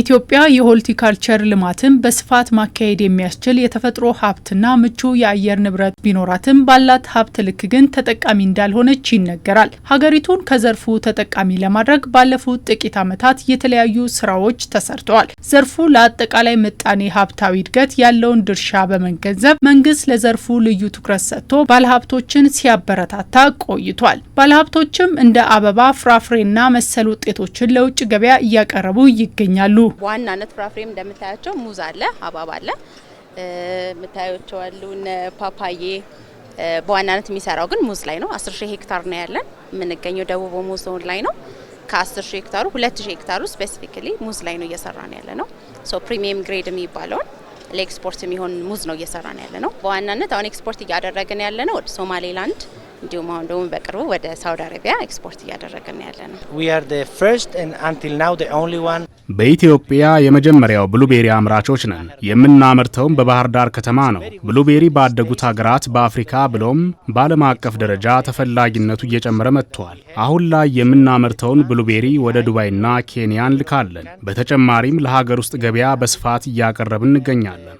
ኢትዮጵያ የሆልቲካልቸር ልማትን በስፋት ማካሄድ የሚያስችል የተፈጥሮ ሀብትና ምቹ የአየር ንብረት ቢኖራትም ባላት ሀብት ልክ ግን ተጠቃሚ እንዳልሆነች ይነገራል። ሀገሪቱን ከዘርፉ ተጠቃሚ ለማድረግ ባለፉት ጥቂት ዓመታት የተለያዩ ስራዎች ተሰርተዋል። ዘርፉ ለአጠቃላይ ምጣኔ ሀብታዊ እድገት ያለውን ድርሻ በመገንዘብ መንግስት ለዘርፉ ልዩ ትኩረት ሰጥቶ ባለሀብቶችን ሲያበረታታ ቆይቷል። ባለሀብቶችም እንደ አበባ፣ ፍራፍሬና መሰል ውጤቶችን ለውጭ ገበያ እያቀረቡ ይገኛሉ። በዋናነት ፍራፍሬም እንደምታያቸው ሙዝ አለ፣ ሀባብ አለ፣ የምታያቸው አሉ ፓፓዬ በዋናነት የሚሰራው ግን ሙዝ ላይ ነው። 10 ሺህ ሄክታር ነው ያለን። የምንገኘው ደቡብ ኦሞ ዞን ላይ ነው። ከ10 ሺህ ሄክታሩ 2 ሺህ ሄክታሩ ስፔሲፊካሊ ሙዝ ላይ ነው እየሰራ ነው ያለ ነው። ሶ ፕሪሚየም ግሬድ የሚባለውን ለኤክስፖርት የሚሆን ሙዝ ነው እየሰራ ነው ያለ ነው። በዋናነት አሁን ኤክስፖርት እያደረግን ያለ ነው ወደ ሶማሌላንድ፣ እንዲሁም አሁን ደግሞ በቅርቡ ወደ ሳውዲ አረቢያ ኤክስፖርት እያደረግን ያለ ነው። በኢትዮጵያ የመጀመሪያው ብሉቤሪ አምራቾች ነን። የምናመርተውም በባህር ዳር ከተማ ነው። ብሉቤሪ ባደጉት ሀገራት በአፍሪካ ብሎም በዓለም አቀፍ ደረጃ ተፈላጊነቱ እየጨመረ መጥቷል። አሁን ላይ የምናመርተውን ብሉቤሪ ወደ ዱባይና ኬንያ እንልካለን። በተጨማሪም ለሀገር ውስጥ ገበያ በስፋት እያቀረብን እንገኛለን።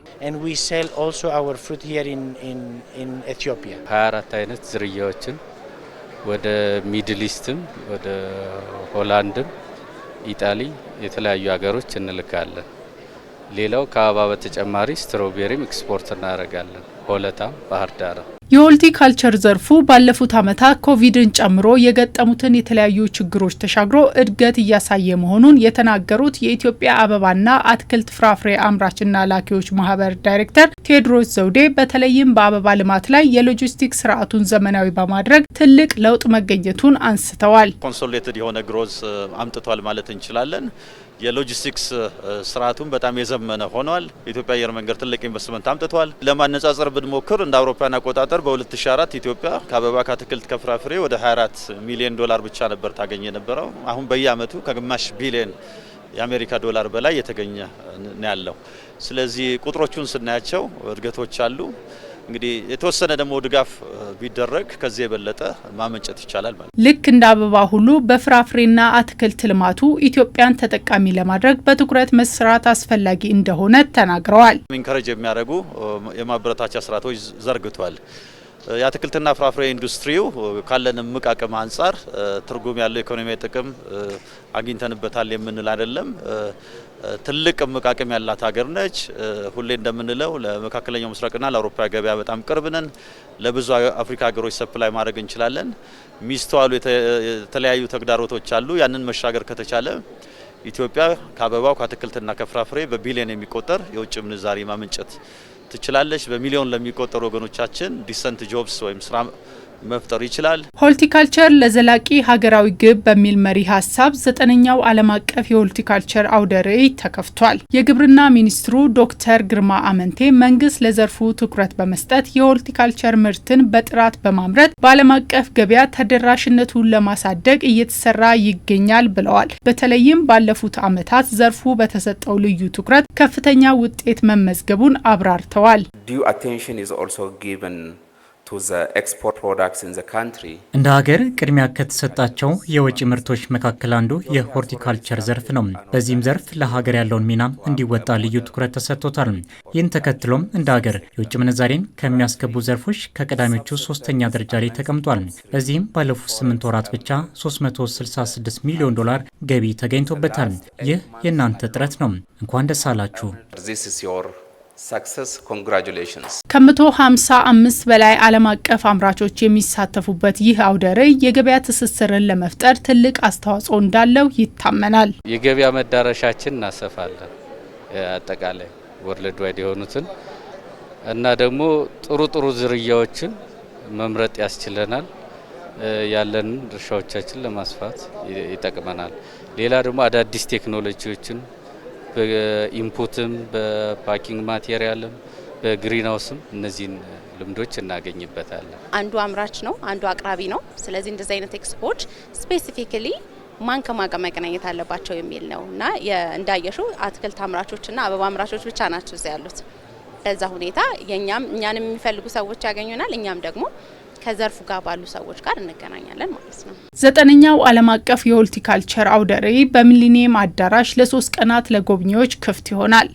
24 አይነት ዝርያዎችን ወደ ሚድል ኢስትም ወደ ሆላንድም ኢጣሊ፣ የተለያዩ ሀገሮች እንልካለን። ሌላው ከአበባ በተጨማሪ ስትሮቤሪም ኤክስፖርት እናደርጋለን። ሆለታም ባህር ዳርም የሆልቲካልቸር ዘርፉ ባለፉት ዓመታት ኮቪድን ጨምሮ የገጠሙትን የተለያዩ ችግሮች ተሻግሮ እድገት እያሳየ መሆኑን የተናገሩት የኢትዮጵያ አበባና አትክልት ፍራፍሬ አምራችና ላኪዎች ማህበር ዳይሬክተር ቴዎድሮስ ዘውዴ በተለይም በአበባ ልማት ላይ የሎጂስቲክስ ስርዓቱን ዘመናዊ በማድረግ ትልቅ ለውጥ መገኘቱን አንስተዋል። ኮንሶሌትድ የሆነ ግሮዝ አምጥቷል ማለት እንችላለን። የሎጂስቲክስ ስርዓቱም በጣም የዘመነ ሆኗል። የኢትዮጵያ አየር መንገድ ትልቅ ኢንቨስትመንት አምጥቷል። ለማነጻጸር ብንሞክር እንደ አውሮፓውያን አቆጣጠር ነበር። በ2004 ኢትዮጵያ ከአበባ ከአትክልት ከፍራፍሬ ወደ 24 ሚሊዮን ዶላር ብቻ ነበር ታገኘ የነበረው። አሁን በየአመቱ ከግማሽ ቢሊዮን የአሜሪካ ዶላር በላይ የተገኘ ነው ያለው። ስለዚህ ቁጥሮቹን ስናያቸው እድገቶች አሉ። እንግዲህ የተወሰነ ደግሞ ድጋፍ ቢደረግ ከዚህ የበለጠ ማመንጨት ይቻላል ማለት ነው። ልክ እንደ አበባ ሁሉ በፍራፍሬና አትክልት ልማቱ ኢትዮጵያን ተጠቃሚ ለማድረግ በትኩረት መስራት አስፈላጊ እንደሆነ ተናግረዋል። ኢንከረጅ የሚያደርጉ የማበረታቻ ስርዓቶች ዘርግቷል። የአትክልትና ፍራፍሬ ኢንዱስትሪው ካለን እምቅ አቅም አንጻር ትርጉም ያለው ኢኮኖሚ ጥቅም አግኝተንበታል የምንል አይደለም። ትልቅ እምቅ አቅም ያላት ሀገር ነች። ሁሌ እንደምንለው ለመካከለኛው ምስራቅና ለአውሮፓ ገበያ በጣም ቅርብ ነን። ለብዙ አፍሪካ ሀገሮች ሰፕላይ ማድረግ እንችላለን። ሚስተዋሉ የተለያዩ ተግዳሮቶች አሉ። ያንን መሻገር ከተቻለ ኢትዮጵያ ከአበባው ከአትክልትና ከፍራፍሬ በቢሊዮን የሚቆጠር የውጭ ምንዛሪ ማመንጨት ትችላለች። በሚሊዮን ለሚቆጠሩ ወገኖቻችን ዲሰንት ጆብስ ወይም ስራ መፍጠር ይችላል። ሆልቲካልቸር ለዘላቂ ሀገራዊ ግብ በሚል መሪ ሀሳብ ዘጠነኛው ዓለም አቀፍ የሆልቲካልቸር አውደ ርዕይ ተከፍቷል። የግብርና ሚኒስትሩ ዶክተር ግርማ አመንቴ መንግስት ለዘርፉ ትኩረት በመስጠት የሆልቲካልቸር ምርትን በጥራት በማምረት በዓለም አቀፍ ገበያ ተደራሽነቱን ለማሳደግ እየተሰራ ይገኛል ብለዋል። በተለይም ባለፉት ዓመታት ዘርፉ በተሰጠው ልዩ ትኩረት ከፍተኛ ውጤት መመዝገቡን አብራርተዋል። እንደ ሀገር ቅድሚያ ከተሰጣቸው የወጪ ምርቶች መካከል አንዱ የሆርቲካልቸር ዘርፍ ነው። በዚህም ዘርፍ ለሀገር ያለውን ሚና እንዲወጣ ልዩ ትኩረት ተሰጥቶታል። ይህን ተከትሎም እንደ ሀገር የውጭ ምንዛሬን ከሚያስገቡ ዘርፎች ከቀዳሚዎቹ ሶስተኛ ደረጃ ላይ ተቀምጧል። በዚህም ባለፉት ስምንት ወራት ብቻ 366 ሚሊዮን ዶላር ገቢ ተገኝቶበታል። ይህ የእናንተ ጥረት ነው። እንኳን ደስ አላችሁ። ሰክሰስ ኮንግራጁሌሽንስ ከመቶ ሃምሳ አምስት በላይ ዓለም አቀፍ አምራቾች የሚሳተፉበት ይህ አውደ ርዕይ የገበያ ትስስርን ለመፍጠር ትልቅ አስተዋጽኦ እንዳለው ይታመናል። የገበያ መዳረሻችን እናሰፋለን። አጠቃላይ ወርልድ ዋይድ የሆኑትን እና ደግሞ ጥሩ ጥሩ ዝርያዎችን መምረጥ ያስችለናል። ያለን ድርሻዎቻችን ለማስፋት ይጠቅመናል። ሌላ ደግሞ አዳዲስ ቴክኖሎጂዎችን በኢንፑትም በፓኪንግ ማቴሪያልም በግሪን እነዚህን ልምዶች እናገኝበታለን። አንዱ አምራች ነው፣ አንዱ አቅራቢ ነው። ስለዚህ እንደዚህ አይነት ኤክስፖች ስፔሲፊካሊ ማን ከማን ጋር መገናኘት አለባቸው የሚል ነው እና እንዳየሹ አትክልት አምራቾችና አበባ አምራቾች ብቻ ናቸው እዚያ ያሉት። በዛ ሁኔታ የኛም እኛንም የሚፈልጉ ሰዎች ያገኙናል። እኛም ደግሞ ከዘርፉ ጋር ባሉ ሰዎች ጋር እንገናኛለን ማለት ነው። ዘጠነኛው ዓለም አቀፍ የሆልቲካልቸር አውደ ርዕይ በሚሊኒየም አዳራሽ ለሶስት ቀናት ለጎብኚዎች ክፍት ይሆናል።